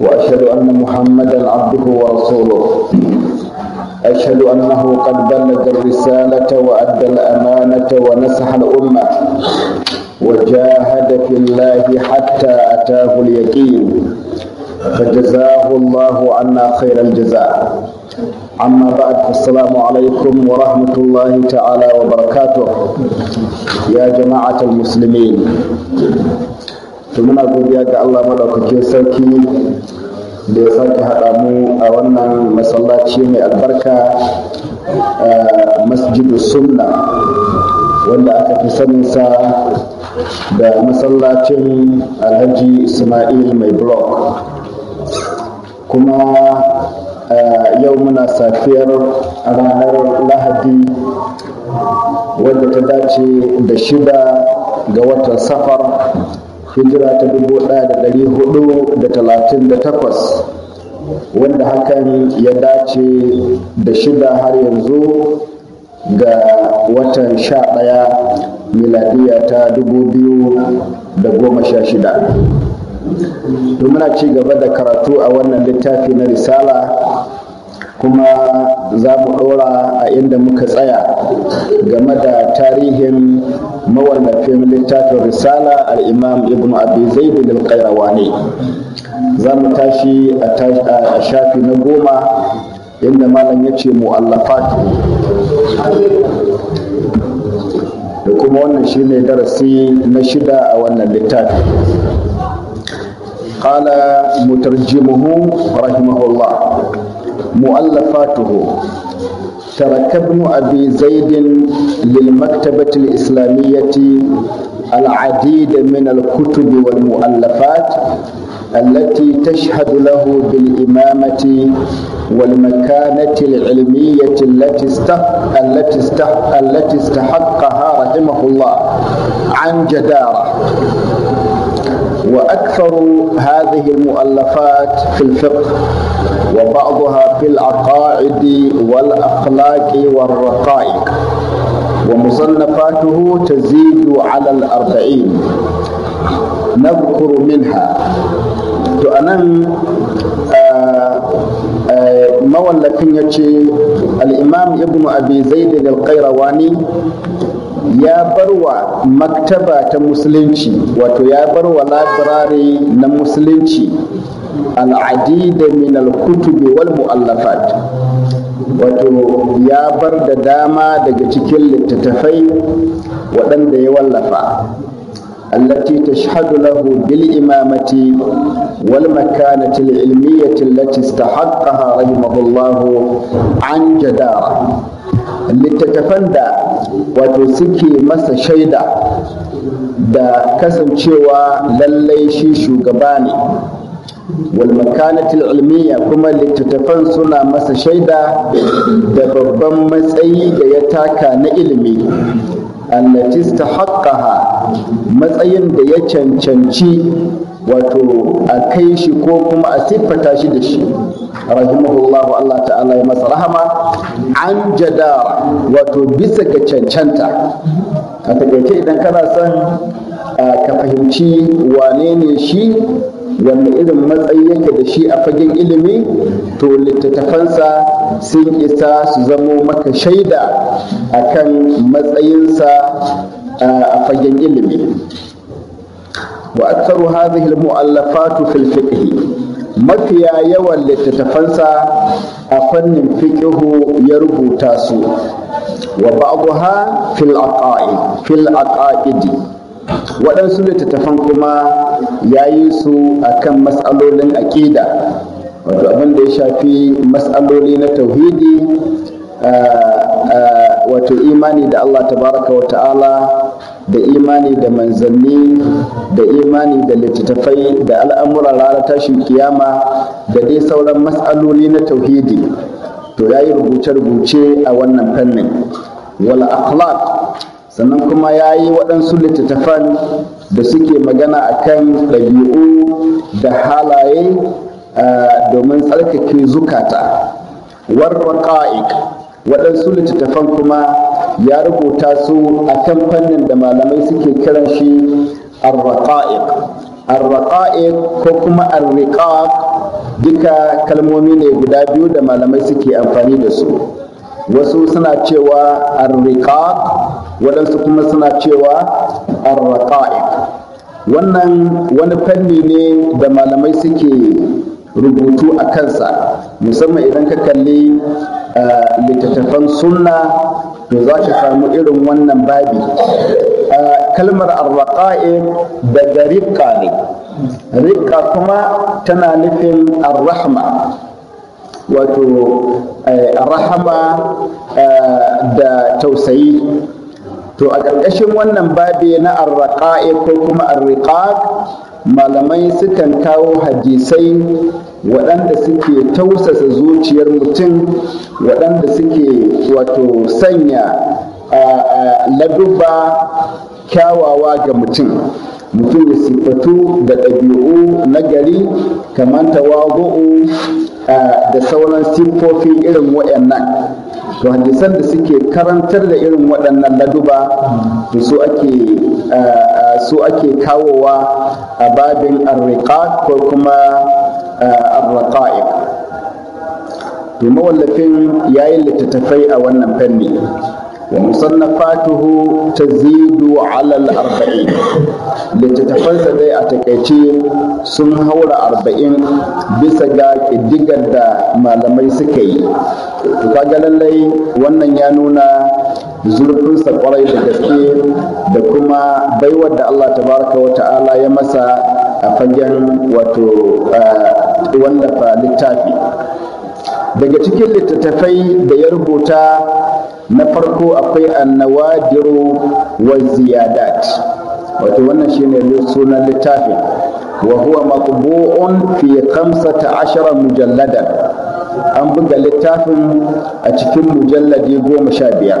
وأشهد أن محمدا عبده ورسوله أشهد أنه قد بلغ الرسالة وأدى الأمانة ونسح الأمة وجاهد في الله حتى أتاه اليقين فجزاه الله عنا خير الجزاء أما بعد السلام عليكم ورحمة الله تعالى وبركاته يا جماعة المسلمين to muna godiya ga Allah madaukakin sarki da ya sake haɗa mu a wannan masallaci mai albarka masjidu sunna wanda aka fi saninsa da masallacin alhaji ismail mai blog kuma yau muna safiyar ranar lahadi wadda ta dace da shida ga watan safar hijira ta dubu ɗaya da ɗari hudu da talatin da takwas wanda hakan ya dace da shida har yanzu ga watan sha ɗaya miladiya ta dubu biyu da goma sha shida domin muna ci gaba da karatu a wannan littafi na risala kuma za mu ɗora a inda muka tsaya game da tarihin mawallafin littafin risala al'imam ibn abi da lil ne za mu tashi a shafi na goma inda malam ya ce mu'allafatu da kuma wannan shine darasi na shida a wannan littafi قال مترجمه رحمه الله مؤلفاته ترك ابن أبي زيد للمكتبة الإسلامية العديد من الكتب والمؤلفات التي تشهد له بالإمامة والمكانة العلمية التي استحق التي استحق التي استحقها رحمه الله عن جدارة وأكثر هذه المؤلفات في الفقه وبعضها في العقائد والأخلاق والرقائق ومصنفاته تزيد على الأربعين نذكر منها أنا mawallafin آه، ya آه، الإمام ابن أبي زيد القيرواني ya barwa maktaba ta musulunci wato ya bar wa labirari na musulunci al'adida min al-kutubi wal mu'allafat wato ya bar da dama daga cikin littattafai waɗanda ya wallafa التي تشهد له بالإمامة والمكانة العلمية التي استحقها رحمه الله عن جدارة littattafan da wato suke masa shaida da kasancewa lallai shi shugaba ne walmakanatul ilmiya kuma littattafan suna masa shaida da babban matsayi da ya taka na ilimi annatista haƙƙaha matsayin da ya cancanci wato a kai shi ko kuma a siffata shi da shi rahimahullahu Allah ta'ala ya masa rahama an jadara wato bisa ga cancanta a takaice idan kana son ka fahimci wane ne shi wanda irin matsayi yake da shi a fagen ilimi to littattafansa sun isa su zamo maka shaida akan matsayinsa a fagen ilimi wa aktsaru hadhihi al-mu'allafatu fil fiqh mafiya yawan littattafansa a fannin fiqhu ya rubuta su wa ba'daha fil aqaid fil waɗansu littattafan kuma ya yi su akan kan matsalolin aƙida wato abin da ya shafi matsaloli na tauhidi wato imani da Allah tabaraka wa ta'ala da imani da manzanni da imani da littattafai da al'amuran ranar tashin kiyama da dai sauran matsaloli na tauhidi to ya yi rubuce-rubuce a wannan fannin wala akhlaq sannan kuma ya yi waɗansu littattafan da suke magana a kan ɗabi'u da halaye eh, domin tsarkake zukata warwa raqa'iq waɗansu littattafan kuma ya rubuta su a kan fannin da malamai suke kiran shi arraƙa'iq arraƙa'iq ko kuma arriƙaƙ duka kalmomi ne guda biyu da malamai suke amfani da su wasu suna cewa arriƙaƙ waɗansu kuma suna cewa arraƙa'iq wannan wani fanni ne da malamai suke rubutu a kansa musamman idan ka kalli eh, littattafan sunna to za ka samu irin wannan babi eh, kalmar arraƙa'i daga rikka ne rikka kuma tana nufin arrahma wato eh, rahama da tausayi to a ƙarƙashin wannan babi na arraƙa'i ko kuma arriƙa malamai sukan kawo hadisai waɗanda suke tausasa zuciyar mutum waɗanda suke wato sanya ladubba kyawawa ga mutum mutum ya siffatu da ɗabi'u na gari kamar tawago'u da sauran siffofi irin waɗannan to hadisan da suke karantar da irin waɗannan laduba to su ake su ake kawowa a babin arriqat ko kuma الرقائق to mawallafin yayin littattafai a wannan fanni wa musannafatuhu tazidu ala al-arba'in littattafansa dai a takaice sun haura arba'in bisa ga ƙiddigar da malamai suka yi to kaga lallai wannan ya nuna zurfinsa kwarai da gaske da kuma baiwar da Allah tabaraka wa ta'ala ya masa a fagen wato wallafa littafi daga cikin littattafai da ya rubuta na farko akwai annawadiru wa ziyadat wato wannan shine sunan littafin wa huwa maqbu'un fi 15 mujalladan an buga littafin a cikin mujalladi goma sha biyar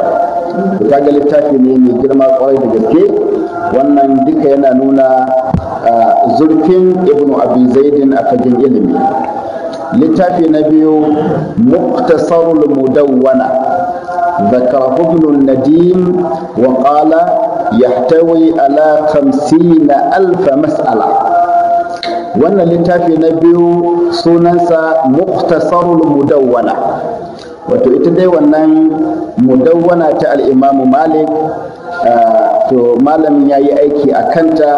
kaga littafi ne mai girma kwarai da gaske wannan duka yana nuna zurfin ibnu abi zaidin a fagen ilimi littafi na biyu muktasarul mudawwana ذكره ابن النديم وقال يحتوي على خمسين ألف مسألة wannan littafi na biyu sunansa muktasarul mudawwana wato ita dai wannan mudawwana ta al'imamu malik to malamin ya yi aiki a kanta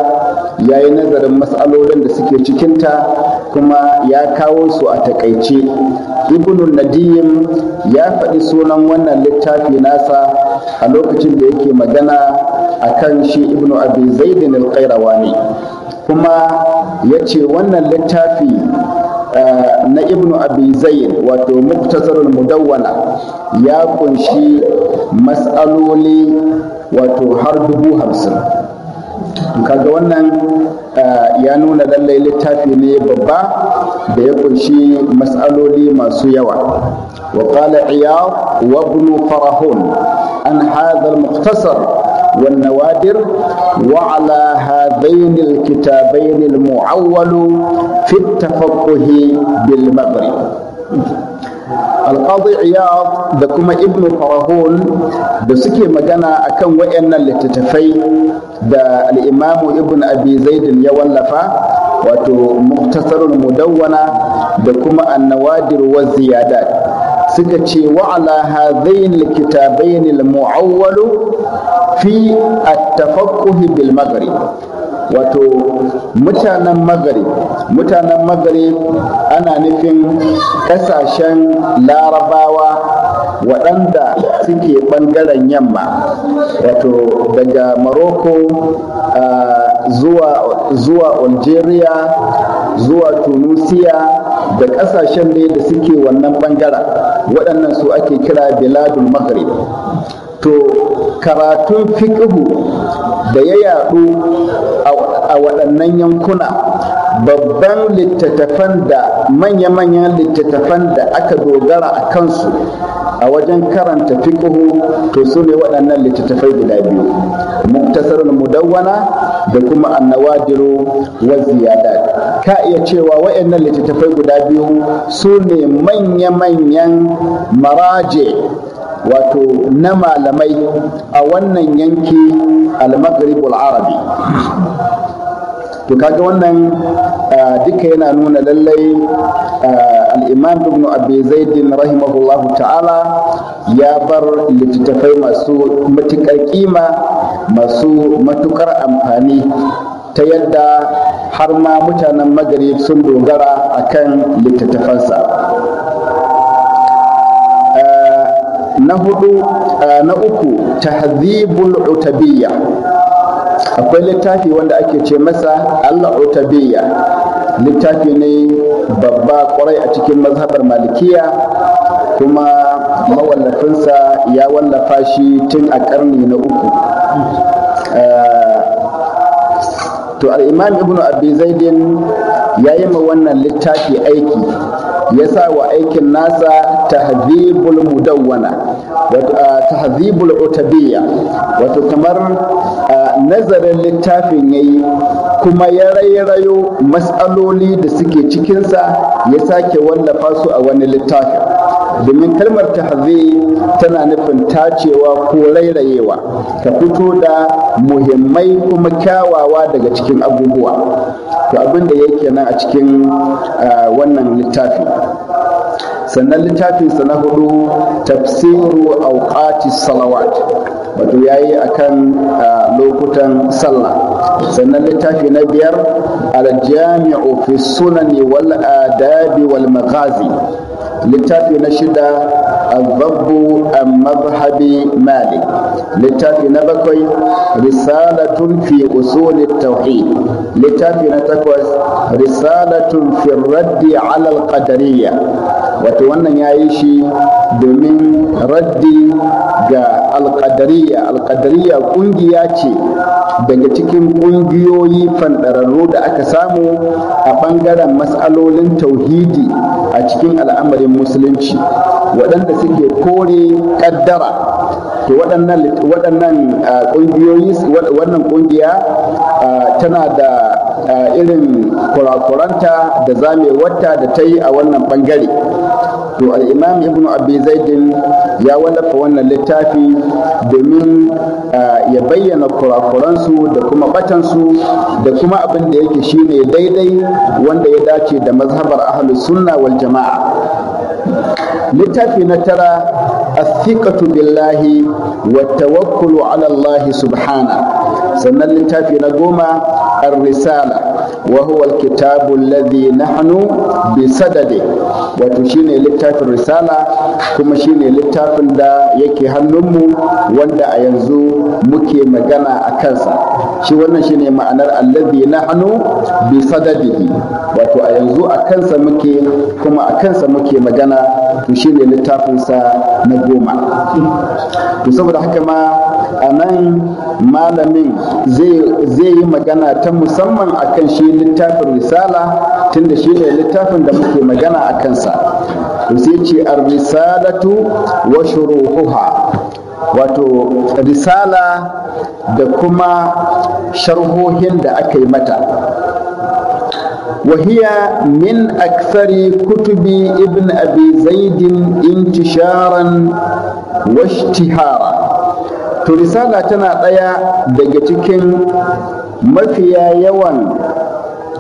ya yi nazarin matsalolin da suke cikinta kuma ya kawo su a takaice ibn Nadim ya faɗi sunan wannan littafi nasa a lokacin da yake magana a kan shi ibn abi zaidin al ne, kuma ya ce wannan littafi eh, na Ibn abi wato muktasarul mudawwana ya kunshi matsaloli wato har dubu hamsin kaga wannan ya nuna lallai littafi ne babba da ya kunshi mas'aloli masu yawa wa qala iyad wa ibn farahun an hadha al-mukhtasar والنوادر وعلى هذين الكتابين المعول في التفقه بالمغرب alqadi iyad da kuma ibn qarahul da suke magana akan wayannan littattafai da al-imamu ibn abi zaid ya wallafa wato muktasarul mudawwana da kuma annawadir wa ziyadat suka ce wa ala hadhain alkitabain almu'awwal fi at-tafaqquh bil maghrib wato mutanen magari mutanen magari ana nufin ƙasashen larabawa waɗanda suke ɓangaren yamma wato daga morocco ah, zuwa, zuwa algeria zuwa tunisia da ƙasashen da suke wannan ɓangaren waɗannan su ake kira Biladun magare. to karatun fiƙihu da ya yaɗu a waɗannan yankuna babban littattafan da manya-manyan littattafan da aka dogara a kansu a wajen karanta fiƙihu to su ne waɗannan littattafai guda biyu muktasarul mudawwana da kuma annawadiru wa ziyada ka iya cewa waɗannan littattafai guda biyu su ne manya-manyan maraje wato na malamai a wannan yanki al al arabi to kaga wannan duka yana nuna lallai al-imam ibn abi zaid rahimahullah ta'ala ya bar littattafai masu matukar kima masu matukar amfani ta yadda har ma mutanen magrib sun dogara akan littattafansa na hudu eh, na uku tahdhibul utabiyya akwai littafi wanda ake ce masa Allah utabiyya littafi ne babba kwarai a cikin mazhabar malikiya kuma mawallafinsa ya wallafa shi tun a ƙarni na uku eh, to al'imam ibn abi zaidin ya yi ma wannan littafi aiki ya sa wa aikin nasa tahzibul mudawwana ah, tahzibul otabiya wato kamar ah, nazarin littafin yayi kuma ya rairayo matsaloli da suke cikinsa ya sake wallafa su a wani littafin domin kalmar tahzi tana nufin tacewa ko rairayewa ka fito da muhimmai kuma kyawawa daga cikin abubuwa to abin da yake nan a cikin wannan littafi sannan sa na hudu tafsiru auqati salawat wato yayi akan lokutan sallah sannan littafi na biyar jami'u fi sunani wal adabi wal maghazi littafi na shida ababu an mazhabi malik littafi na bakwai risalatun fi usuli tauhid littafi na takwas risalatun fi raddi ala alqadariyya wato wannan yayi shi domin raddi ga alƙadariya alƙadariya ƙungiya ce daga cikin ƙungiyoyi fanɗararru da aka samu a ɓangaren matsalolin tauhidi a cikin al'amarin musulunci waɗanda suke kore ƙaddara to waɗannan ah, kungiyoyi wannan ƙungiya ah, tana da irin kurakuranta da zame wata da ta yi a wannan bangare to al'imam ibn abi zaidin ya wallafa wannan littafi domin ya bayyana kurakuransu da kuma batansu da kuma abin da yake shine daidai wanda ya dace da mazhabar ahlus sunna wal jama'a littafi na tara الثقة بالله والتوكل على الله سبحانه sannan littafi na goma ar-risala wa huwa al-kitabu alladhi nahnu bi sadade wato shine littafin risala kuma shine littafin da yake hannunmu wanda a yanzu muke magana a kansa shi wannan shine ma'anar alladhi nahnu bi sadadihi wato a yanzu a kansa muke kuma a kansa muke magana to shine littafinsa na goma to saboda haka ma a nan malamin zai yi magana ta musamman akan shi littafin risala tunda shi ne littafin da muke magana a kansa sai ce ar-risalatu wa shuruhuha wato risala da kuma sharhohin da aka yi mata وهي من أكثر كتب ابن أبي زيد انتشارا واشتهارا to risala tana ɗaya daga cikin mafiya yawan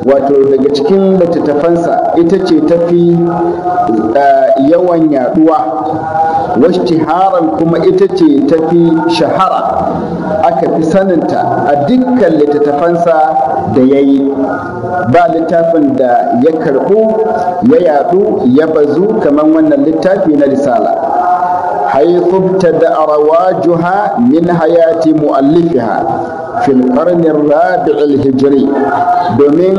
wato daga cikin littattafansa ita ce tafi yawan yaduwa washtiharan kuma ita ce tafi shahara aka fi saninta a dukkan littattafansa da ya yi ba littafin da ya karɓu ya yadu ya bazu kamar wannan littafi na risala حيث ابتدا رواجها من حياه مؤلفها في القرن الرابع الهجري دومين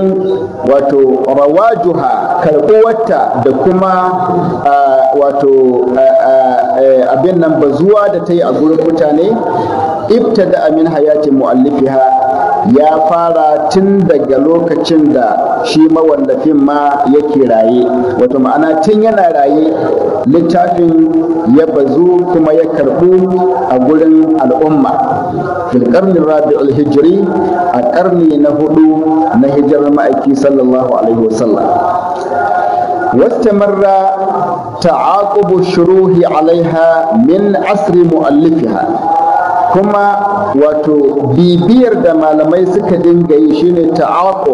واتو رواجها كالقوتا دكما آه واتو آه آه آه ابن نمبزوا دتي اقول ابتدا من حياه مؤلفها ya fara tun daga lokacin da shi mawallafin ma yake raye wato ma'ana tun yana raye littafin ya bazu kuma ya karbu a gurin al'umma fil karni rabi'ul hijri a karni na hudu na hijirar ma'aiki sallallahu alaihi wasallam واستمر تعاقب الشروح عليها من عصر مؤلفها kuma wato bibiyar da malamai suka dinga yi shine ta'aqo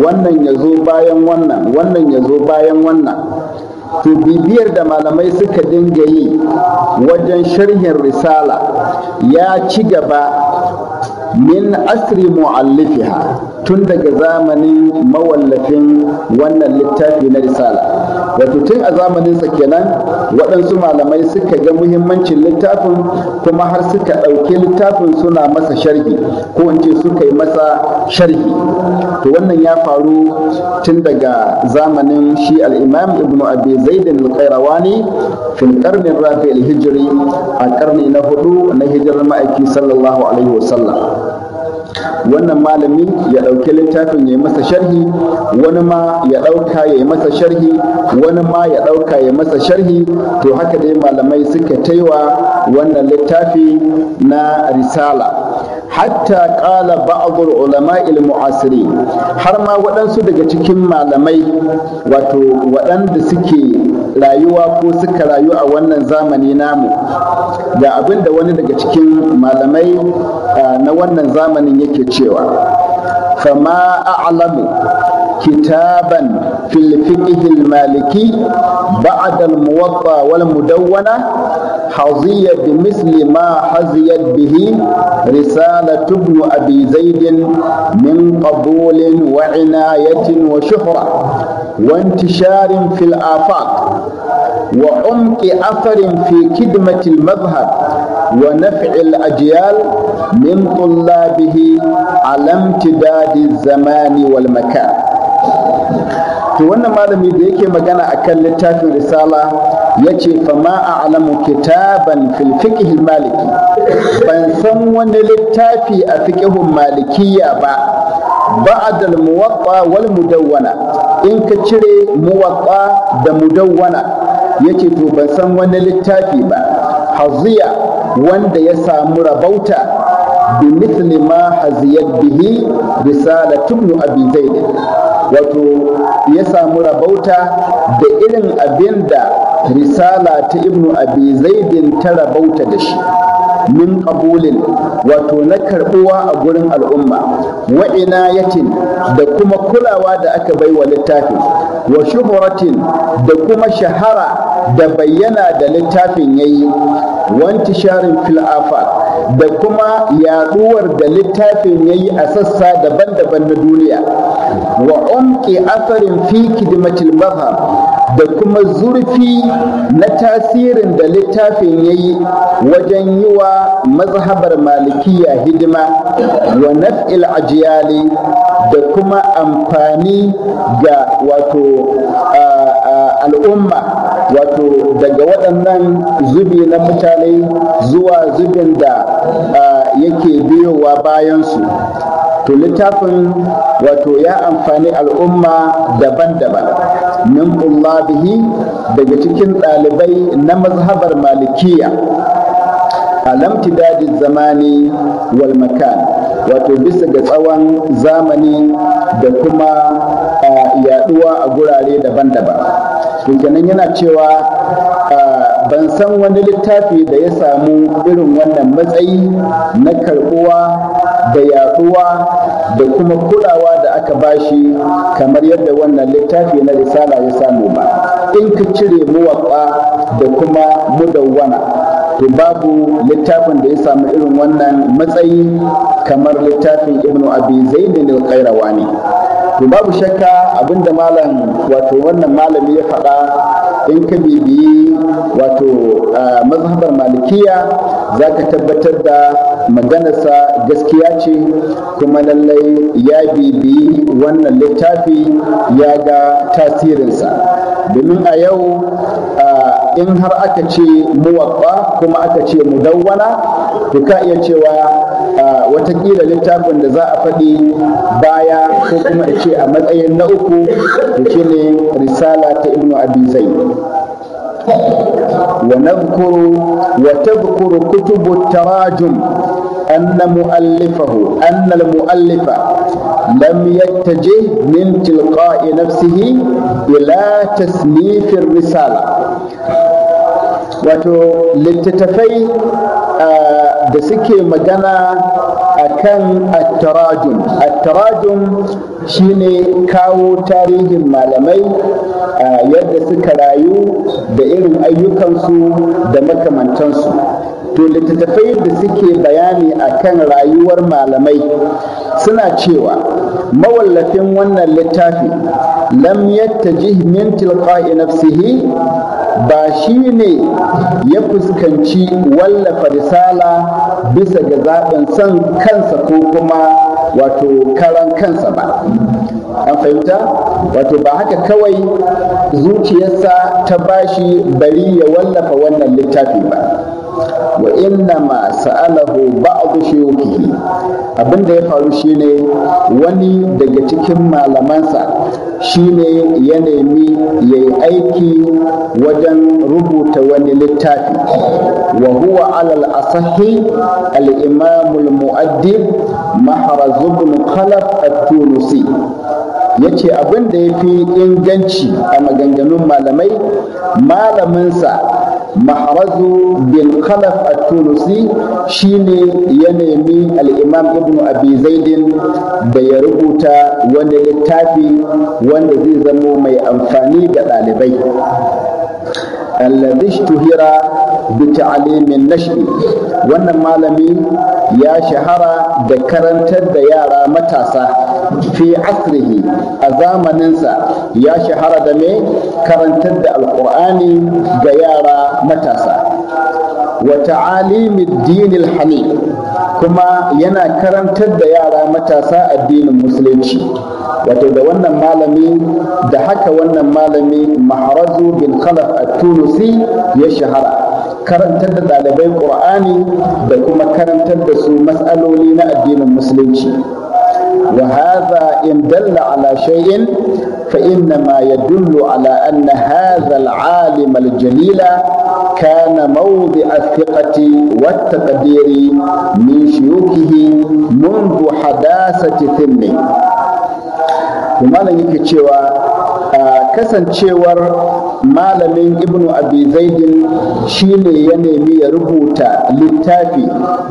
wannan ya zo bayan wannan wannan ya zo bayan wannan to bibiyar da malamai suka dinga yi wajen sharhin risala ya ci gaba min asri mu'allifiha tun daga zamanin mawallafin wannan littafi na risala wato tun a zamaninsa kenan waɗansu malamai suka ga muhimmancin littafin kuma har suka ɗauki littafin suna masa sharhi ko in ce suka yi masa sharhi to wannan ya faru tun daga zamanin shi al'imam ibnu abi zaidin al-qayrawani fil qarni rafi al-hijri a karni na hudu na hijirar ma'aiki sallallahu alaihi wasallam wannan malami ya ɗauki littafin ya yi masa sharhi wani ma ya ɗauka ya yi masa sharhi wani ma ya ɗauka ya yi masa sharhi to haka dai malamai suka taiwa wannan littafi na risala hatta ƙala ba'adul ulama mu'asiri har ma waɗansu daga cikin malamai wato waɗanda suke rayuwa ko suka rayu a wannan zamani namu ga abin da wani daga cikin malamai ah, na wannan zamanin yake cewa fama a'lamu كتابا في الفقه المالكي بعد الموطأ والمدونة حظي بمثل ما حظيت به رسالة ابن أبي زيد من قبول وعناية وشهرة وانتشار في الآفاق وعمق أثر في خدمة المذهب ونفع الأجيال من طلابه على امتداد الزمان والمكان to wannan malami da yake magana akan littafin risala ya ce fama a alamu kitaban fil fiqhil maliki ban san wani littafi a fiqhun malikiya ba ba'd muwatta wal mudawwana in ka cire muwatta da mudawwana yace to ban san wani littafi ba haziya wanda ya samu rabauta بمثل bihi حزيت به رسالة abin zai زيد wato ya samu rabauta da irin abin da risala ta ibnu abi zaidin ta rabauta da shi min qabulin wato na karbuwa a gurin al'umma wa inayatin da kuma kulawa da aka bai wa littafin wa shuhuratin da kuma shahara da bayyana da littafin yayi wanti sharin fil da kuma yaduwar da littafin ya yi a sassa daban-daban na duniya wa umki asarin fi kidmatil mafa da kuma zurfi na tasirin da littafin ya yi wajen yi wa mazhabar malikiya hidima wa naf'il ajiyali da kuma amfani ga wato al'umma wato daga waɗannan zubi na mutane zuwa zubin da yake biyowa bayansu to littafin wato ya amfani al'umma daban-daban min bihi daga cikin ɗalibai na mazhabar malikiya alamtidadin zamani wal makan wato bisa ga tsawon zamani da kuma yaduwa a gurare daban-daban kenan yana cewa ban san wani littafi da ya samu irin wannan matsayi na karbuwa da yaduwa da kuma kulawa da aka bashi kamar yadda wannan littafi na risala ya samu ba in ka cire muwaƙa da kuma mudawwana to babu littafin da ya samu irin wannan matsayi kamar littafin ibnu abi zaidin al ne. to babu shakka abinda malam wato wannan malami ya faɗa in ka bibiyi wato ah, mazhabar malikiya za ka tabbatar da maganarsa gaskiya ce kuma lallai ya bibi wannan littafi ya ga tasirinsa domin a yau in har aka ce muwabba kuma aka ce mudawwana to ka iya cewa watakila littafin da za a faɗi baya ko kuma ce a matsayin na uku da shi ne risala ta ibnu abi zai wa tabkuru kutubu tarajum أن مؤلفه أن المؤلف لم يتجه من تلقاء نفسه إلى تصنيف الرسالة wato littattafai da suke magana a kan attarajum attarajum shine kawo tarihin malamai yadda suka rayu da irin ayyukansu da makamantansu to littattafai da suke bayani akan rayuwar malamai suna cewa mawallafin wannan littafi lam yattajih min tilqa'i nafsihi ba shi ne ya fuskanci wallafa risala bisa ga zaɓin son kansa ko kuma wato karan kansa ba an fahimta wato ba haka kawai zuciyarsa ta bashi bari ya wallafa wannan littafi ba wa inna ma sa'alahu ba'du Abin da ya faru shine wani daga cikin malamansa shine ya nemi ya aiki wajen rubuta wani littafi wa huwa alal asahi al-imam al-mu'addib mahraz ibn khalaf at-tunisi ya ce abin da ya fi inganci a maganganun malamai malaminsa mahrazu bin khalaf at tunusi shine ya nemi al-imam ibnu abi zaidin da ya rubuta wani littafi wanda zai zamo mai amfani ga ɗalibai alladhi ishtuhira bita'alimin nashi wannan malami ya shahara da karantar da yara matasa fi asrihi a zamaninsa ya shahara da mai karantar da alkur'ani ga yara matasa wa ta'alimi dinil hamid kuma yana karantar da yara matasa addinin musulunci wato da wannan malami da haka wannan malami maharazu bin khalaf at-tunusi ya shahara karantar da ɗalibai ƙur'ani da kuma karantar da su matsaloli na addinin musulunci wa hadha in dalla ala shay'in fa inna ma yadullu ala anna hadha al-alim al-jalila kana mawdi' al-thiqati wa taqdiri min shuyukihi منذ حداثة ثمه kuma nan yake cewa kasancewar malamin Ibn abi zaidin ne ya nemi ya rubuta littafi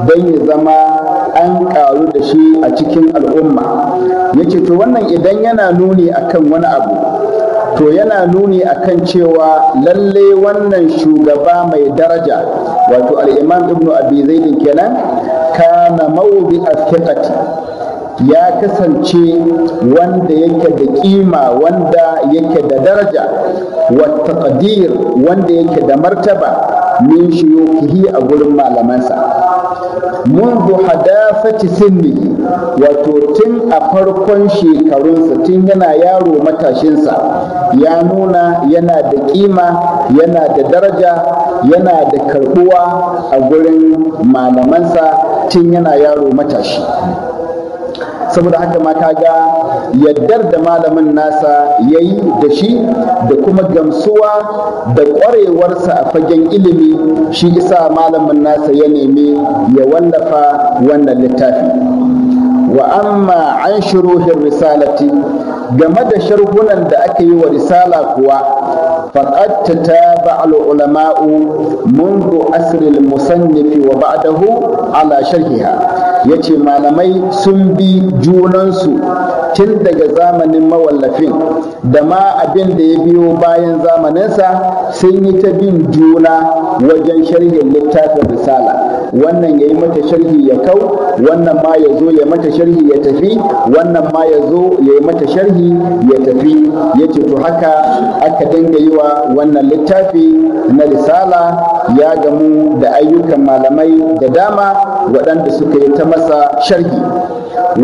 don ya zama an karu da shi a cikin al'umma yace to wannan idan yana nuni akan wani abu to yana nuni akan cewa lalle wannan shugaba mai daraja wato al'imam Ibn abi zaidin kenan kana mawdi al ya kasance wanda yake da kima wanda yake da daraja wa taqdir wanda yake da martaba min shuyukihi a gurin malamansa منذ حداثة سنه wato tun a farkon shekarunsa tun yana yaro matashinsa ya nuna yana da kima yana da daraja yana da karbuwa a gurin malamansa tun yana yaro matashi saboda haka ma ka ga yaddar da malamin nasa ya yi da shi da kuma gamsuwa da ƙwarewarsa a fagen ilimi shi isa malamin nasa ya nemi ya wallafa wannan littafi wa amma an shuruhin risalati game da sharhunan da aka yi wa risala kuwa faqad tataba al ulama'u asirin asril musannifi wa ba'dahu ala sharhiha ya ce malamai sun bi junansu tun daga zamanin mawallafin da ma abin da ya biyo bayan zamaninsa sun yi ta bin juna wajen sharhin littafin risala wannan ya yi mata sharhi ya kau wannan ma ya zo ya mata sharhi ya tafi wannan ma ya zo ya yi mata sharhi ya tafi ya ce to haka aka dinga yi wa wannan littafi na risala ya gamu da ayyukan malamai da dama waɗanda suka yi ta masa sharhi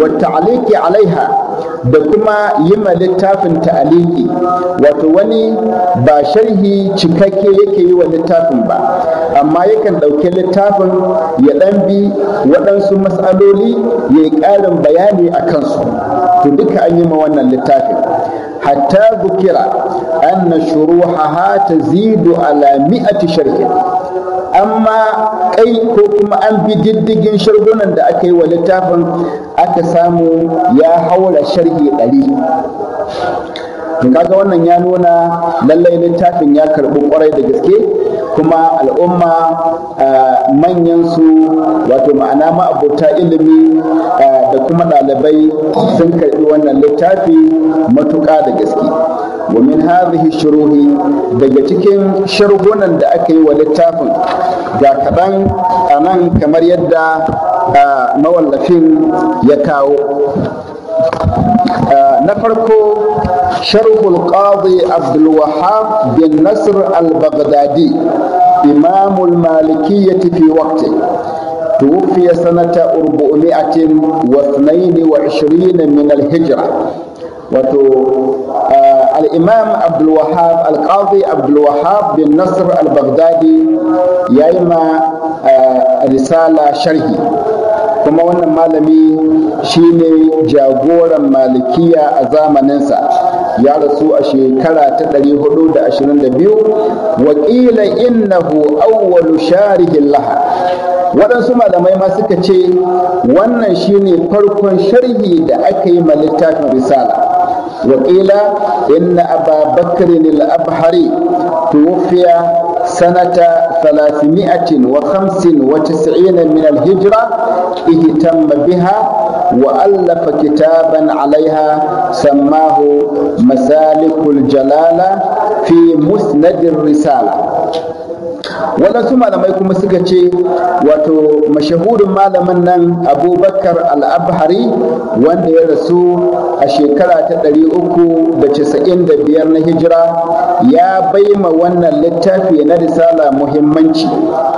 wa ta'aliki alaiha da kuma yi ma littafin ta ta'aliki wato wani ba sharhi cikakke yake yi wa littafin ba amma yakan ɗauki littafin ya ɗan bi waɗansu matsaloli ya yi ƙarin bayani a kansu to duka an yi ma wannan littafin hatta zukira anna shuruhaha tazidu ala mi'ati sharhin amma kai ko kuma an bi diddigin shargunan da aka yi wa littafin aka samu ya haura sharhi ɗari kaga wannan ya nuna lallai littafin ya karɓi ƙwarai da gaske kuma al'umma manyan su wato ma'ana ma'abota ilimi da kuma ɗalibai sun karɓi wannan littafi matuƙa da gaske ومن هذه الشروه دقتكم شربونا دأكي ولتافن دا كبان أمان كمر يدى آه مولفين يكاو نفركو شرف القاضي عبد الوهاب بن نصر البغدادي إمام المالكية في وقته توفي سنة أربعمائة واثنين وعشرين من الهجرة wato uh, al'imam abdulwahab alƙazi abdulwahab bin nasir al-baghdadi ya yi ma uh, risala sharhi kuma wannan malami shi ne jagoran malikiya a zamaninsa ya rasu a shekara ta 422 wakila innahu awwalu sharihin laha waɗansu malamai ma suka ce wannan shi ne farkon sharhi da aka yi ma littafin risala وقيل إن أبا بكر الأبحري توفي سنة ثلاثمائة وخمس وتسعين من الهجرة اهتم بها وألف كتابا عليها سماه مسالك الجلالة في مسند الرسالة waɗansu malamai kuma suka ce wato mashahurin malamin nan abubakar al'abhari wanda ya rasu a shekara ta ɗari uku da da casa'in biyar na hijira ya baima wannan littafi na risala muhimmanci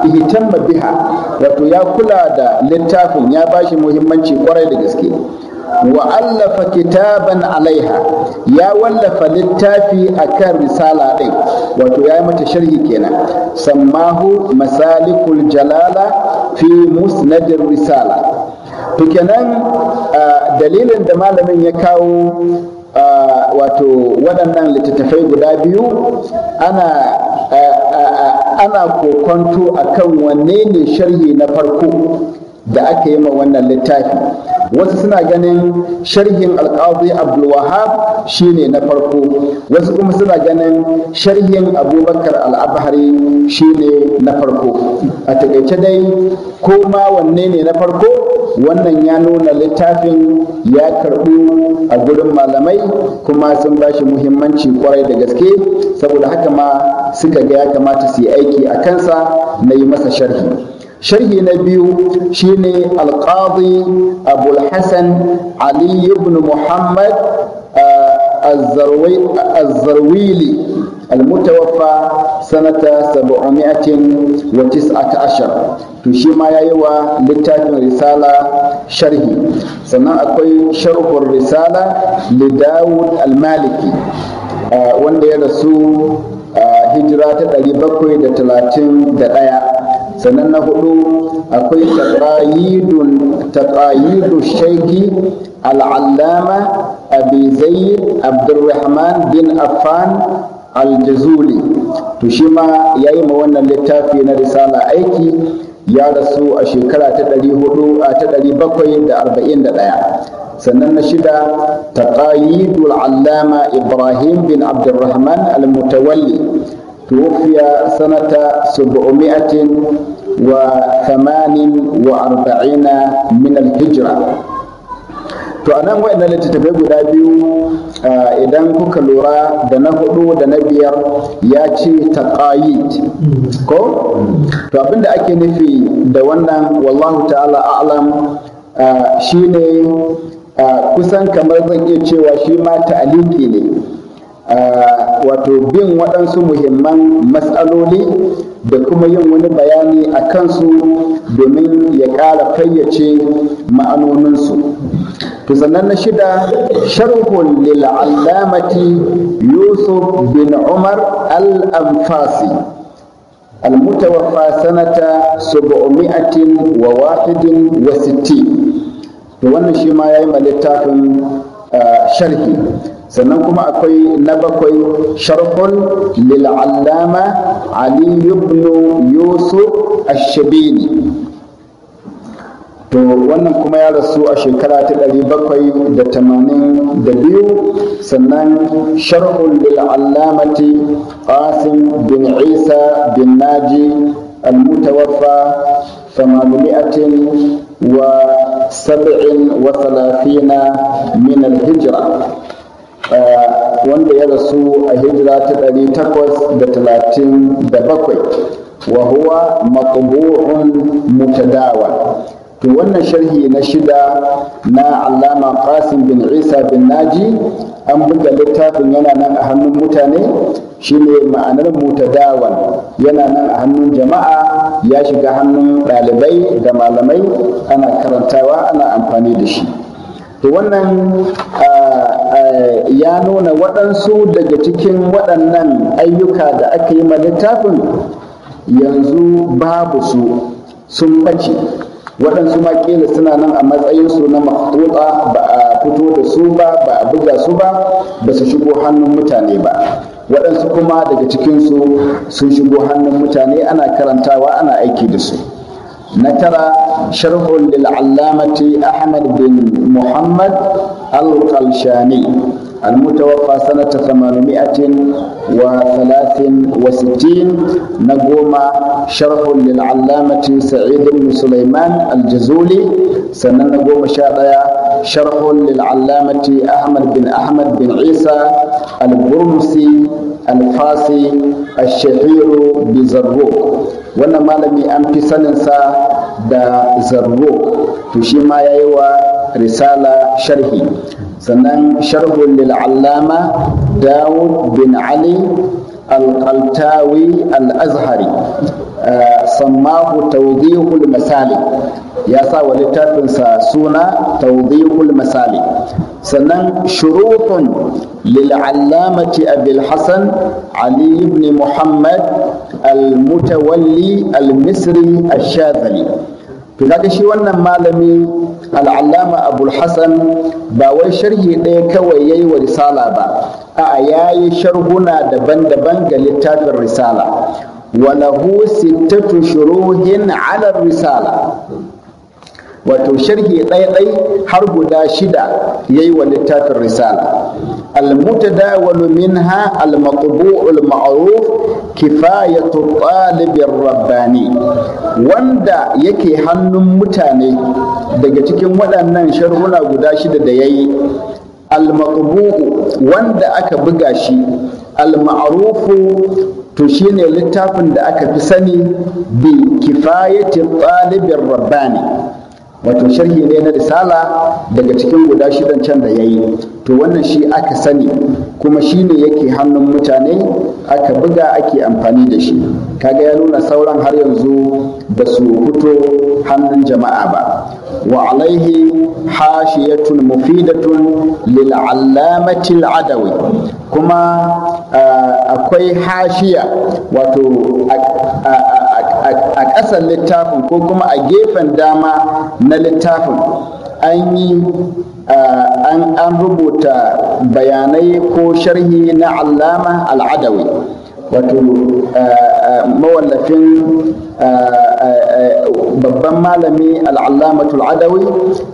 ihitan biha wato ya kula da littafin ya bashi muhimmanci kwarai da gaske Wa'allafa kitaban alaiha ya wallafa littafi a kan risala ɗin wato ya yi mata sharhi kenan sammahu masalikul jalala fi musnadin risala to dalilin da malamin ya kawo wato waɗannan littattafai guda biyu ana ana kokonto kan wanne ne sharhi na farko da aka yi ma wannan littafi wasu suna ganin sharhin alqadi abdul wahab shine na farko wasu kuma suna ganin sharhin abubakar al-abhari shine na farko a takaice dai ko ma wanne ne na farko wannan ya nuna littafin ya karɓu a gurin malamai kuma sun ba shi muhimmanci kwarai da gaske saboda haka ma suka ga ya kamata su yi aiki a kansa na yi masa sharhi sharhi na biyu shine alqadi abul hasan ali ibn muhammad الزرويلي المتوفى سنة سبعمائة وتسعة عشر تشيما يايوا لتاج رسالة شرهي سنة أكوي شرح الرسالة لداود المالكي آه وان يرسو آه هجرات الأليبكوي دتلاتين دقايا sannan na hudu akwai taqayidu shaiki al'allama abi zaid abdurrahman bin affan aljazuli to shi ma ya yi ma wannan littafi na risala aiki ya rasu a shekara ta ɗari hudu a ta ɗari bakwai da arba'in da ɗaya sannan na shida taqayidul allama ibrahim bin abdurrahman al-mutawalli tuwfiya sanata 700 وثمان وأربعين من الهجرة to a nan waɗannan littattafai guda biyu idan kuka lura da na hudu da na biyar ya ce taqayid ko to abinda ake nufi da wannan wallahu ta'ala a'lam shine kusan kamar zan iya cewa shi ma ta'aliki ne Eh, wato bin waɗansu muhimman matsaloli da kuma yin wani bayani a kansu domin ya ƙara fayyace ma'anoninsu. To sannan na shida sharhun lil alamati Yusuf bin Umar al-Anfasi al-mutawaffa sanata 761 to wannan shi ma yi ma littafin eh, sharhi sannan kuma akwai na bakwai sharhul lil allama ali ibn yusuf ash-shabini to wannan kuma ya rasu a shekara ta ɗari sannan sharhul lil allamati qasim bin isa bin naji المتوفى ثمانمائة وسبع وثلاثين من الهجرة Eh, wanda ya rasu a hijira ta ɗari takwas da talatin da bakwai wa huwa maqbu'un mutadawa to wannan sharhi na shida na allama qasim bin isa bin naji an buga littafin yana nan a hannun mutane shine ma'anar mutadawan yana nan a hannun jama'a ya shiga hannun ɗalibai da malamai ana karantawa ana amfani da shi to wannan ya nuna waɗansu daga cikin waɗannan ayyuka da aka yi ma littafin yanzu babu su sun ɓace waɗansu ma suna nan a matsayinsu na makhtuta ba a fito da su ba ba a buga su ba ba su shigo hannun mutane ba waɗansu kuma daga cikinsu sun shigo hannun mutane ana karantawa ana aiki da su na tara شرح للعلامة أحمد بن محمد القلشاني المتوفى سنة 863 نقوم شرح للعلامة سعيد بن سليمان الجزولي سنة نقوم شرح للعلامة أحمد بن أحمد بن عيسى البرمسي الفاسي الشهير بزروق wannan malami an fi saninsa da zarro to shi ma ya yi wa risala sharhi sannan sharhun lil'allama dawud bin ali al-qaltawi al-azhari sammahu tawdihul masali ya sa wa littafinsa suna tawdihul masali sannan shurutun lil'allamati abil hasan ali ibn muhammad al-mutawalli al-misri al-shazali kaga shi wannan malami al'allama abul hasan ba wai sharhi ɗaya kawai yayi wa risala ba a'a yayi sharhuna daban-daban ga littafin risala walahu ستة شروح على risala wato sharhi ɗaiɗai har guda shida yayi wa littafin risala almutadawalu minha المطبوع ma'ruf kifayatu talibir rabbani Wanda yake hannun mutane daga cikin waɗannan sharhuna guda shida da yayi al wanda aka buga shi al to shi ne littafin da aka fi sani bi kifayatin ɗalibin rabbani wato sharhi ne na risala daga cikin guda shidan can da ya yi to wannan shi aka sani kuma shi ne yake hannun mutane aka buga ake amfani da shi kaga ya nuna sauran har yanzu ba su fito hannun jama'a ba wa alaihi hashiyatun mufidatun lil allamati adawi kuma ah, akwai hashiya wato a ƙasan littafin ko kuma a gefen dama na littafin an yi an rubuta bayanai ko sharhi na allama al'adawi wato mawallafin babban malami al'allamatul adawi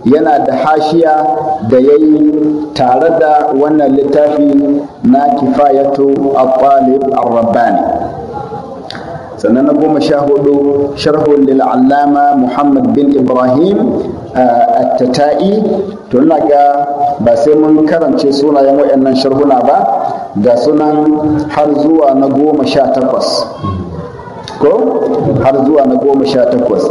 yana da hashiya da ya yi tare da wannan littafi na kifayatu a talib al-rabbani sannan na goma sha hudu sharhun lil allama muhammad bin ibrahim at-tata'i to ina ga ba sai mun karance sunayen waɗannan sharhuna ba ga sunan har zuwa na goma sha takwas ko har zuwa na goma sha takwas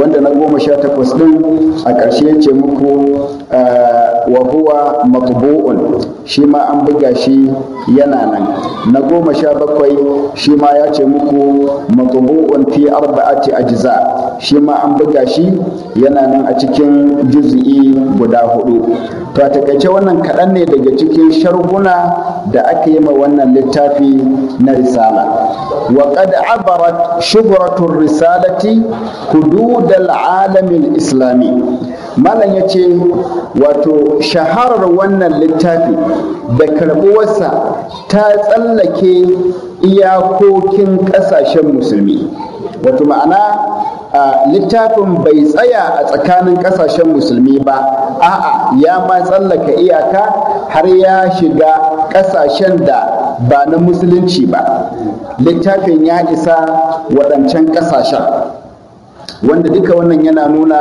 wanda na goma sha takwas ɗin a ƙarshe ya ce muku eh, wa huwa matbu'un shi ma an buga shi yana nan na goma sha bakwai shi ma ya ce muku matbu'un fi a jiza. shi ma an buga shi yana nan a cikin juz'i guda hudu to a takaice wannan kaɗan ne daga cikin sharguna da aka yi ma wannan littafi na risala wa qad abarat shuhratur risalati hududal alamil islami malam ya ce wato shaharar wannan littafi da karbuwarsa ta tsallake iyakokin ƙasashen musulmi wato ma'ana littafin bai tsaya a tsakanin ƙasashen musulmi ba a'a ya ma tsallaka iyaka har ya shiga ƙasashen da ba na musulunci ba littafin ya isa waɗancan ƙasashen wanda duka wannan yana nuna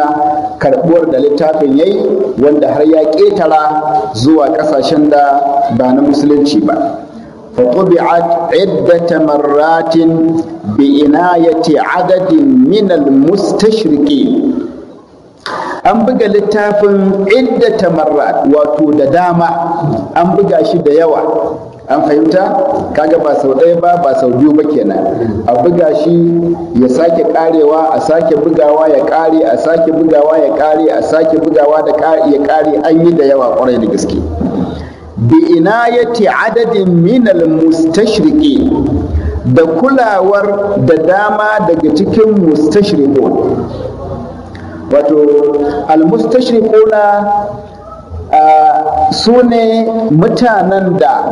karɓuwar da littafin ya yi wanda har ya ƙetara zuwa ƙasashen da ba na musulunci ba فطبعت عدة مرات بإناية عدد من المستشرقين an buga littafin iddata marrat wato da dama an buga shi da yawa an fahimta kaga ba sau ɗaya ba ba sau biyu ba kenan a buga shi ya sake karewa a sake bugawa ya kare a sake bugawa ya kare a sake bugawa da ya kare an yi da yawa kwarai da gaske bi'inayati adadin minal mustashriki da kulawar da dama daga cikin mustashrikun wato na su ne mutanen da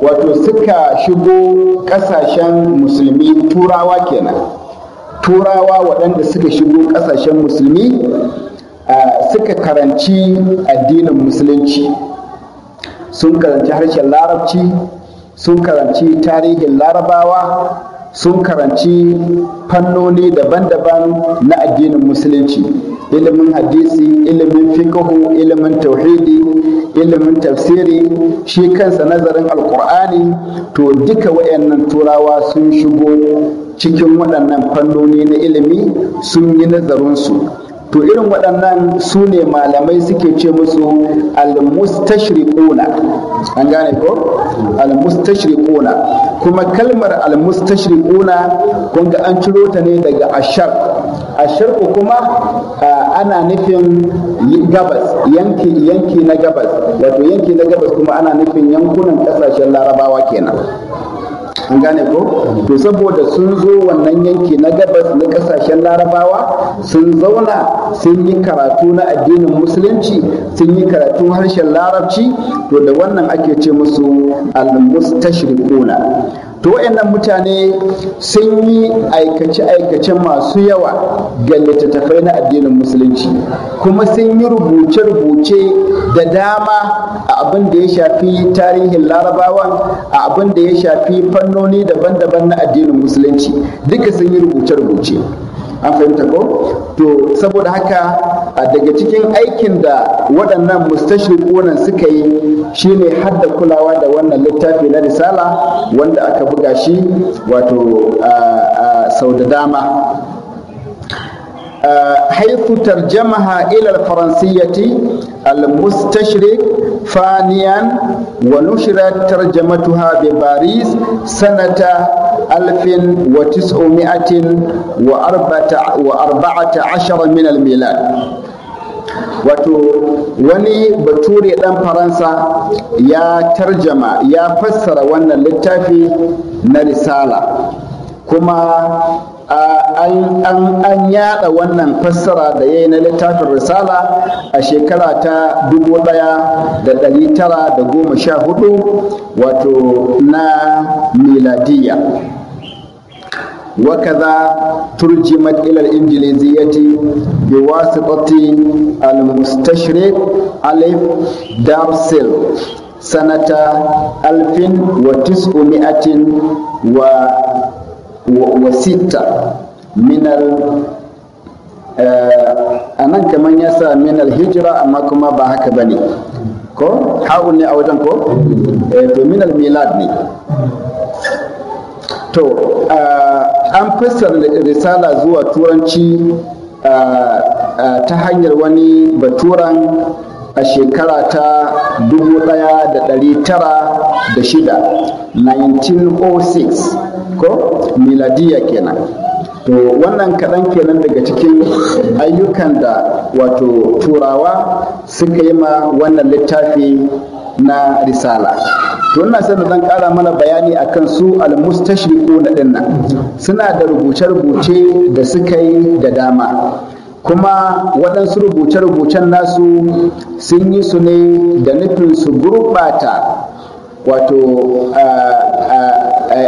wato suka shigo kasashen musulmi turawa kenan turawa waɗanda suka shigo kasashen musulmi Ah, suka karanci addinin musulunci sun karanci harshen larabci sun karanci tarihin larabawa sun karanci fannoni daban-daban na addinin musulunci ilimin hadisi ilimin fikahu ilimin tauhidi ilimin tafsiri shi kansa nazarin alkur'ani to duka wayannan turawa sun shigo cikin waɗannan fannoni na ilimi sun yi nazarinsu to irin waɗannan su ne malamai suke ce musu almustashriquna an gane ko almustashriquna kuma kalmar almustashriquna kun ga an ciro ta ne daga ashar ashar kuma ana nufin gabas yanki yanki na gabas wato yanki na gabas kuma ana nufin yankunan ƙasashen larabawa kenan an gane ko to saboda sun zo wannan yanki na gabas na kasashen larabawa sun zauna sun yi karatu na addinin musulunci sun yi karatu harshen larabci to da wannan ake ce musu al-mustashriquna to wayannan mutane sun yi aikace-aikace masu yawa ga littattafai na addinin musulunci kuma sun yi rubuce-rubuce da dama a abin da ya shafi tarihin larabawa, a abin da ya shafi fannoni daban-daban na addinin musulunci duka sun yi rubuce-rubuce an fahimta ko to saboda haka daga cikin aikin da waɗannan mustashriquna suka yi shine hadda kulawa da wannan littafi na risala wanda aka buga shi wato sau da dama حيث ترجمها إلى الفرنسية المستشرق فانيا ونشرت ترجمتها بباريس سنة 1914 من الميلاد wato wani bature ɗan faransa ya tarjama ya fassara wannan littafi na risala kuma An yaɗa wannan fassara da yai na littafin risala a shekara ta dubu ɗaya da dari tara da goma sha hudu wato Namiladiya. Waƙar da turji maƙilar Injilizi ya ji biwasu ɗauke al'umma su tashi al'umma sanata alfin wa tus ummiacin wa. wasita minal eh, a nan kamar ya sa minal hijira amma kuma ba haka ba ne ko ha'un ne a wajen ko eh, to minal milad ne to eh, an fassara risala zuwa turanci ta hanyar wani baturan a shekara ta 1906 1906 ko miladiya kenan to wannan kaɗan kenan daga cikin ayyukan da wato turawa suka yi ma wannan littafi na risala to ina son da zan ƙara mana bayani akan su na dinnan suna da rubuce-rubuce da suka yi da dama kuma waɗansu rubuce-rubucen nasu sun yi su ne da nufin su gurɓata wato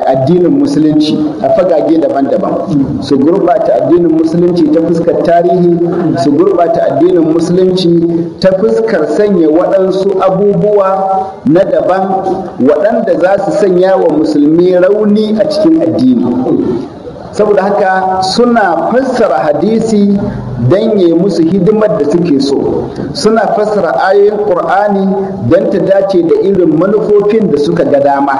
addinin musulunci a fagage daban-daban su gurɓata addinin musulunci ta fuskar tarihi su gurɓata addinin musulunci ta fuskar sanya waɗansu abubuwa na daban waɗanda za su sanya wa musulmi rauni a cikin addini saboda haka suna fassara hadisi don ya musu hidimar da suke so suna fassara ayoyin ƙur'ani don ta dace da irin manufofin da suka ga dama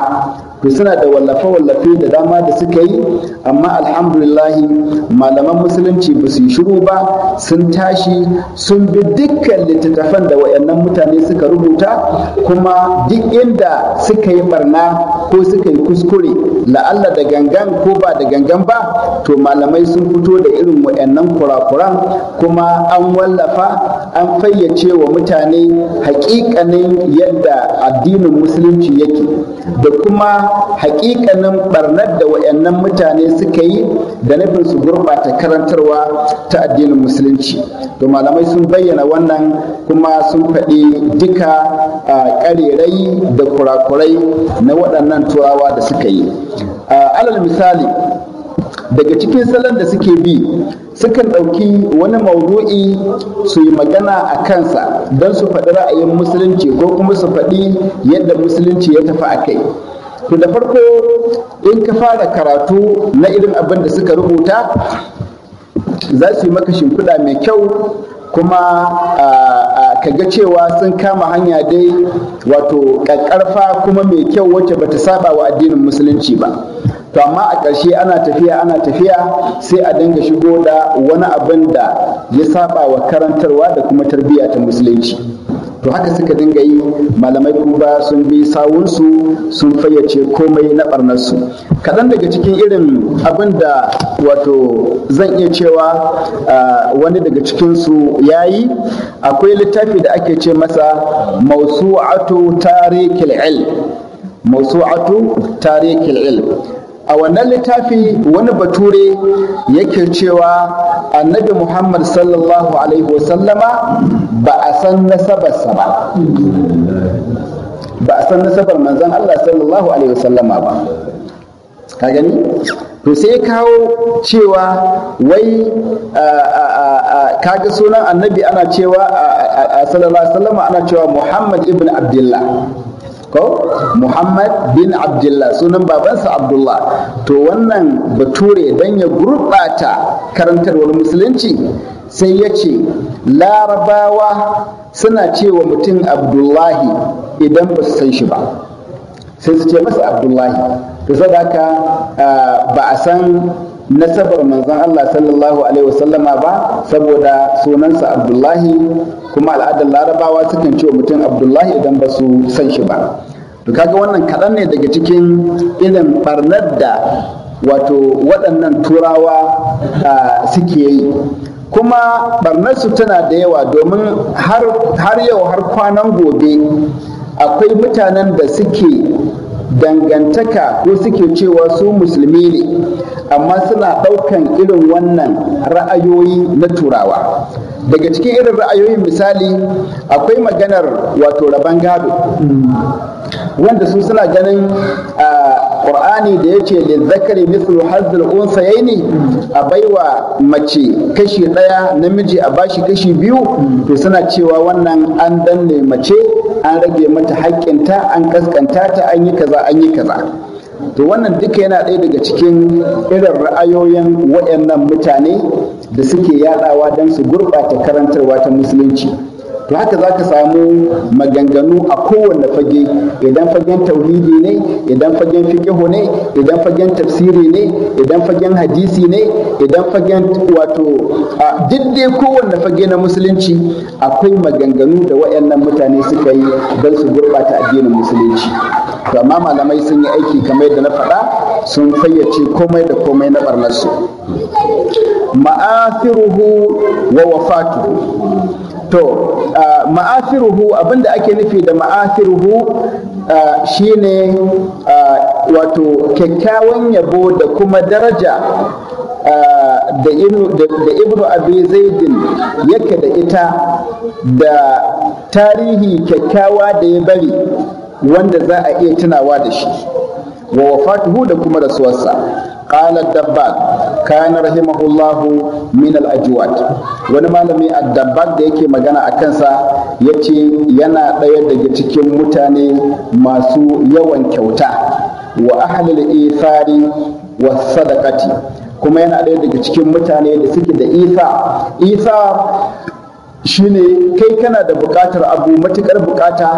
to suna da wallafe-wallafe da dama da suka yi amma alhamdulillahi malaman musulunci ba su yi shiru ba sun tashi sun bi dukkan littattafan da wayannan mutane suka rubuta kuma duk inda suka yi barna ko suka yi kuskure la'alla da gangan ko ba da gangan ba to malamai sun fito da irin wayannan kurakuran kuma an wallafa an fayyace wa mutane hakikanin yadda addinin musulunci yake da kuma hakikanin barnar da wayannan mutane suka yi da nufin su gurɓata karantarwa ta addinin musulunci to malamai sun bayyana wannan kuma sun faɗi duka ƙarerai da kurakurai na waɗannan turawa da suka yi alal misali daga cikin salon da suke bi sukan ɗauki wani maudu'i su yi magana a kansa don su faɗi ra'ayin musulunci ko kuma su faɗi yadda musulunci ya tafi a kai to da farko in ka fara karatu na irin abin da suka rubuta za su yi maka shimfiɗa mai kyau kuma ka ga cewa sun kama hanya dai wato ƙaƙƙarfa kuma mai kyau wacce ba ta saba wa addinin musulunci ba to amma a ƙarshe ana tafiya ana tafiya sai a dinga shigo da wani abin da ya saba wa karantarwa da kuma tarbiyya ta musulunci to haka suka dinga yi malamai kuma sun bi sawunsu sun fayyace komai na barnarsu kaɗan daga cikin irin abin da wato zan iya cewa wani daga cikinsu ya yi akwai littafi da ake ce masa mausu'atu tarikil ilm mausu'atu tarikil ilm a wannan littafi wani bature yake cewa annabi muhammad sallallahu alaihi wasallama ba a san nasabarsa ba ba a san nasabar manzan allah sallallahu alaihi wasallama ba ka gani to sai kawo cewa wai kaga sunan annabi ana cewa a sallallahu alaihi wasallama ana cewa muhammad ibn abdullah ko Muhammad bin Abdullah sunan babansa Abdullah to wannan bature dan ya gurɓata karantarwar musulunci sai ya ce larabawa suna cewa mutum Abdullahi idan ba su san shi ba sai su ce masa Abdullahi to saboda ba a san nasabar manzon Allah sallallahu alaihi wasallama ba saboda sunansa Abdullahi kuma al'adar larabawa sukan ce wa mutum abdullahi idan ba su san shi ba to kaga wannan kaɗan ne daga cikin irin barnar da wato waɗannan turawa suke yi kuma barnar su tana da yawa domin har yau har kwanan gobe akwai mutanen da suke dangantaka ko suke cewa su musulmi ne amma suna ɗaukan irin wannan ra'ayoyi na turawa daga cikin irin ra'ayoyin misali akwai maganar wato rabon gado wanda su suna ganin a ƙur'ani da ya ce lizzakari mislu hazzul unsayaini a baiwa mace kashi ɗaya namiji a bashi kashi biyu to suna cewa wannan an danne mace an rage mata haƙƙinta an kaskanta ta an yi kaza an yi kaza to wannan duka yana ɗaya daga cikin irin ra'ayoyin waɗannan mutane da suke yaɗawa don su gurɓata karantarwa ta musulunci to haka za ka samu maganganu a kowane fage idan fagen tauhidi ne idan fagen fikihu ne idan fagen tafsiri ne idan fagen hadisi ne idan fagen wato a diddai kowane fage na musulunci akwai maganganu da waɗannan mutane suka yi don su gurɓata addinin musulunci to amma malamai sun yi aiki kamar yadda na faɗa sun fayyace komai da komai na barnarsu ma'afiruhu wa Wafatu, to ma'afiruhu abinda ake nufi da ma'afiruhu shine wato kyakkyawan yabo da kuma daraja da ibnu abu zaidin yake da ita da tarihi kyakkyawa da ya bari wanda za a iya tunawa da shi wa wafatuhu da kuma rasuwarsa qala dabba kana rahimahullahu min al ajwat wani malami ad da yake magana a kansa yace yana ɗaya daga cikin mutane masu yawan kyauta wa ahlul ifari wa sadaqati kuma yana ɗaya daga cikin mutane da suke da isa isa shine kai kana da bukatar abu matukar bukata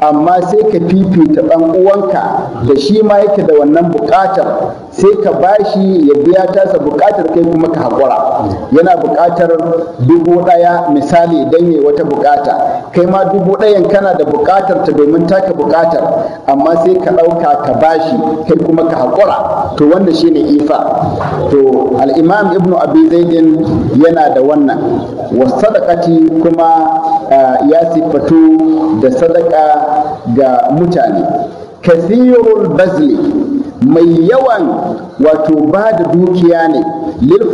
amma sai ka fifita ɗan uwanka da shi ma yake da wannan bukatar sai ka bashi ya biya tasa bukatar kai kuma ka haƙura yana bukatar dubu ɗaya misali idan yi wata bukata kai ma dubu ɗayan kana da bukatar ta domin taka bukatar amma sai ka ɗauka ka bashi kai kuma ka haƙura to wanda shi ne ifa to al'imam ibnu abi zaidin yana da wannan wasu sadakati kuma eh, ya siffatu da sadaka ga mutane kathirul bazli mai yawan wato ba da dukiya ne lil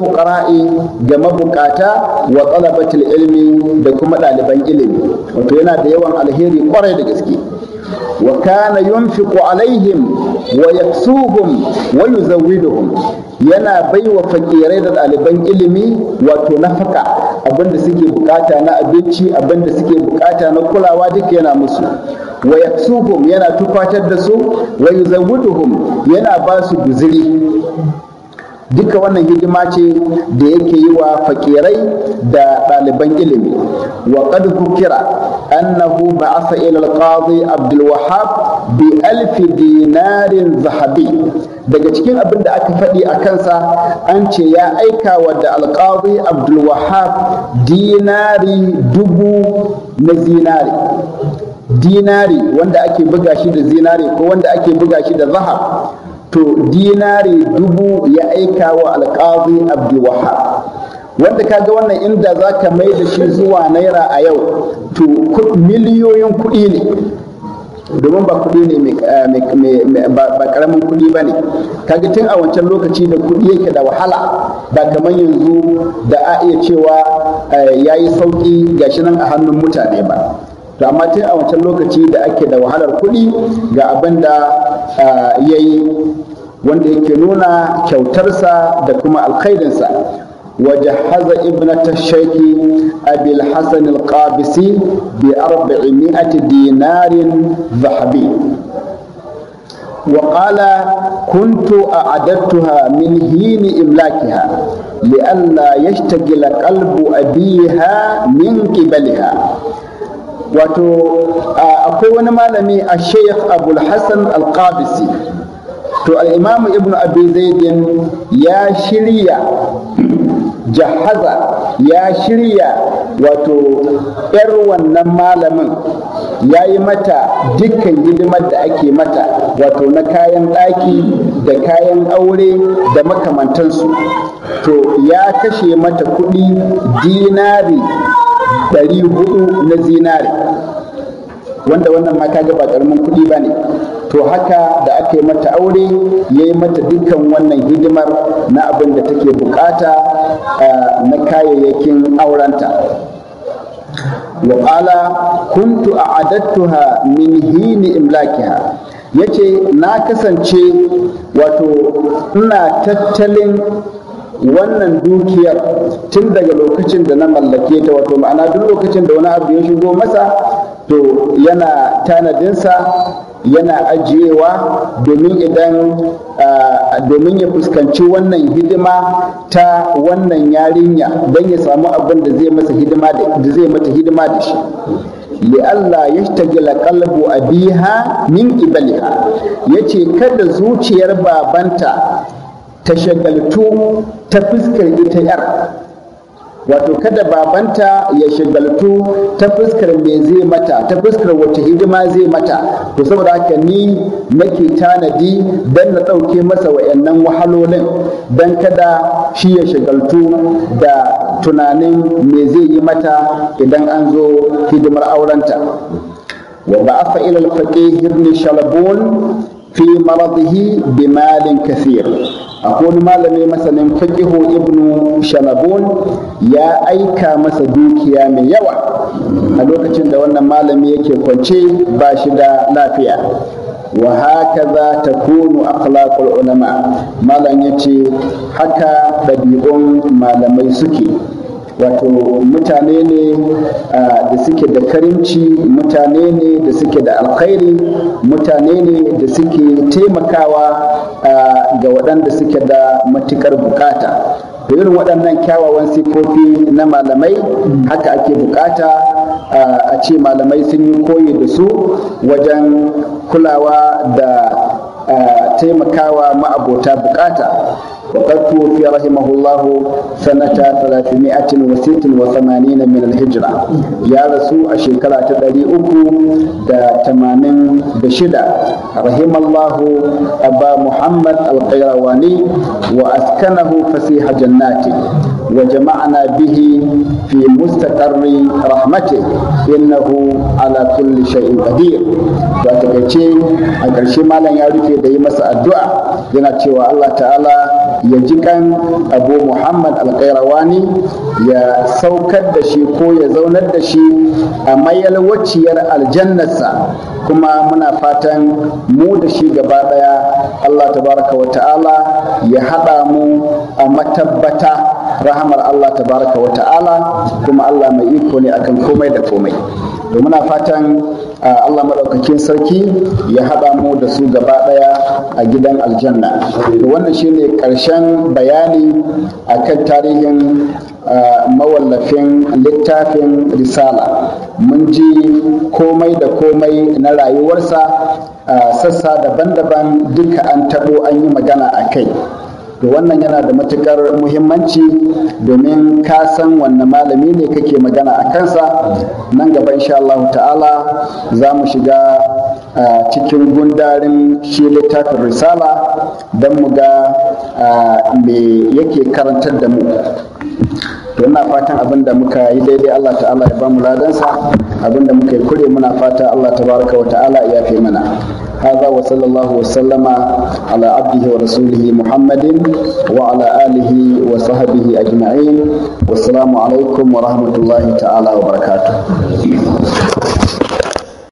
ga mabukata wa talabatul ilmi da kuma ɗaliban ilimi wato yana da yawan alheri kwarai da gaske wa kana yunfiqu alaihim wa yaksuhum wa yuzawwiduhum yana baiwa fakirai da ɗaliban ilimi wato na nafaka abinda suke bukata na abinci abinda suke bukata na kulawa duk yana musu wa yaksuhum yana tufatar da su wa yuzawwiduhum yana ba su guziri duka wannan hidima ce da yake yi wa fakirai da ɗaliban ilimi wa qad kukira annahu ba'asa ila al-qadi abdul wahhab bi alf dinarin zahabi daga cikin abin da aka faɗi a kansa an ce ya aika wa da alƙazi abdulwahab dinari dubu na zinari dinari wanda ake buga shi da zinari ko wanda ake buga shi da zahar to dinari dubu ya aika wa alƙawai abdulwahab wanda kaga wannan inda za ka mai da shi zuwa naira a yau to miliyoyin kuɗi ne domin ba kuɗi ne eh, ba ƙaramin kuɗi ba ne kaga tun a wancan lokaci da kuɗi yake da wahala ba kamar yanzu da a iya cewa eh, ya yi sauƙi gashi nan a hannun mutane ba to amma tun a wancan lokaci da ake da wahalar kuɗi ga abin da eh, ya yi wanda yake nuna kyautarsa da kuma alkhairinsa وجهز ابنة الشيخ أبي الحسن القابسي بأربعمائة دينار ذهبي وقال كنت أعددتها من هين إملاكها لئلا يشتغل قلب أبيها من قبلها وتو akwai wani malami a sheikh abulhassan to al'imamu ibnu abi ya shirya jahaza ya shirya wato ‘yar wannan malamin ya yi mata dukkan hidimar da ake mata wato na kayan ɗaki da kayan aure da makamantansu to ya kashe mata kuɗi dinari ɗari huɗu na zinari wanda wannan ma ga ba ƙaramin kuɗi ba ne to haka da aka yi mata aure ya yi mata dukkan wannan hidimar na abin da take bukata na kayayyakin aurenta wa'ala kuntu a adattuha min hini imlakiha ya ce na kasance wato ina tattalin wannan dukiyar tun daga lokacin da na mallake ta wato ma'ana duk lokacin da wani abu ya shigo masa to yana tanadinsa yana ajiyewa domin idan domin ya fuskanci wannan hidima ta wannan yarinya don ya samu abin da zai masa hidima da zai mata hidima da shi li'alla yashtagila qalbu abiha min ibaliha yace kada zuciyar babanta ta shagaltu ta fuskar ita yar wato kada babanta ya shigaltu ta fuskar me zai mata ta fuskar wata hidima zai mata to saboda haka ni nake tanadi dan na ɗauke masa wayannan wahalolin dan kada shi ya shigaltu da tunanin me zai yi mata idan an zo hidimar aurenta wa ba'afa ila al-faqih ibn shalabun fi maradihi bi malin kathir akwai wani malami masanin faqihu ibnu Shalabun, ya aika masa dukiya mai yawa a lokacin da wannan malami yake kwance ba shi da lafiya wa ta kunu akhlaqul ulama malam yace haka dabi'un malamai suke wato mutane ne da suke da karimci mutane ne da suke da alkhairi mutane ne da suke taimakawa ga waɗanda suke da matukar bukata da irin waɗannan kyawawan sifofi na malamai haka ake bukata a ce malamai sun yi koyi da su wajen kulawa da taimakawa ma'abota bukata wakar fi rahimahullahu sanata 386 min alhijra ya rasu a shekara ta 386 rahimallahu abba muhammad alkairawani wa askanahu fasiha jannati وجمعنا به في مستقر رحمته إنه على كل شيء قدير وتكتشي أكرشي مالا يعرفي دي مسأل الدعاء لنا الله تعالى ya ji kan abu muhammad alkairawani ya saukar da shi ko ya zaunar da shi a mayar mayalwaciyar aljannarsa kuma muna fatan mu da shi gaba daya allah tabaraka wa ta'ala ya haɗa mu a matabbata rahamar allah tabaraka wa ta'ala kuma allah mai iko ne akan komai da komai muna fatan Allah madaukakin sarki ya haɗa mu da su gaba ɗaya a gidan aljanna Wannan shi ne ƙarshen bayani akan tarihin mawallafin littafin risala mun ji komai da komai na rayuwarsa sassa daban-daban duka an taɓo an yi magana a kai to wannan yana da matukar muhimmanci domin ka san wanne malami ne kake magana a kansa nan gaba insha Allah ta'ala za mu shiga cikin gundarin shi littafin risala don mu ga me yake karantar da mu to ina fatan abin da muka yi daidai Allah ta'ala ya ba mu ladansa abin da muka yi kure muna fata Allah tabaraka wa ta'ala ya fi mana hadha wa sallallahu wa ala abdihi wa rasulihi muhammadin wa ala alihi wa sahbihi ajma'in wassalamu alaikum wa rahmatullahi ta'ala wa barakatuh